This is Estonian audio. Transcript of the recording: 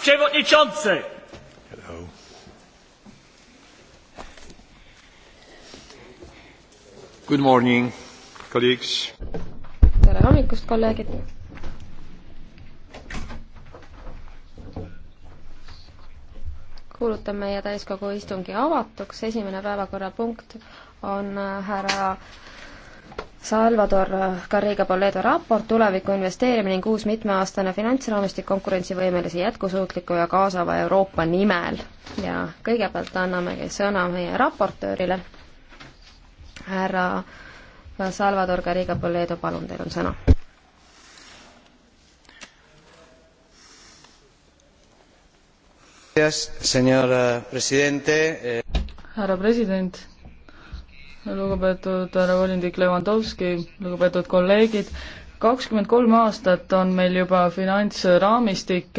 przewodniczący! Hello. Good morning, colleagues. tere hommikust, kolleegid! kuulutan meie täiskogu istungi avatuks, esimene päevakorrapunkt on äh, härra Salvador Garriga Polledo raport Tuleviku investeerimine ning uus mitmeaastane finantsraamistik konkurentsivõimelise jätkusuutliku ja kaasava Euroopa nimel. ja kõigepealt annamegi sõna meie raportöörile, härra Salvador Garriga Polledo, palun, teil on sõna. härra president lugupeetud härra volinik Levandovski, lugupeetud kolleegid, kakskümmend kolm aastat on meil juba finantsraamistik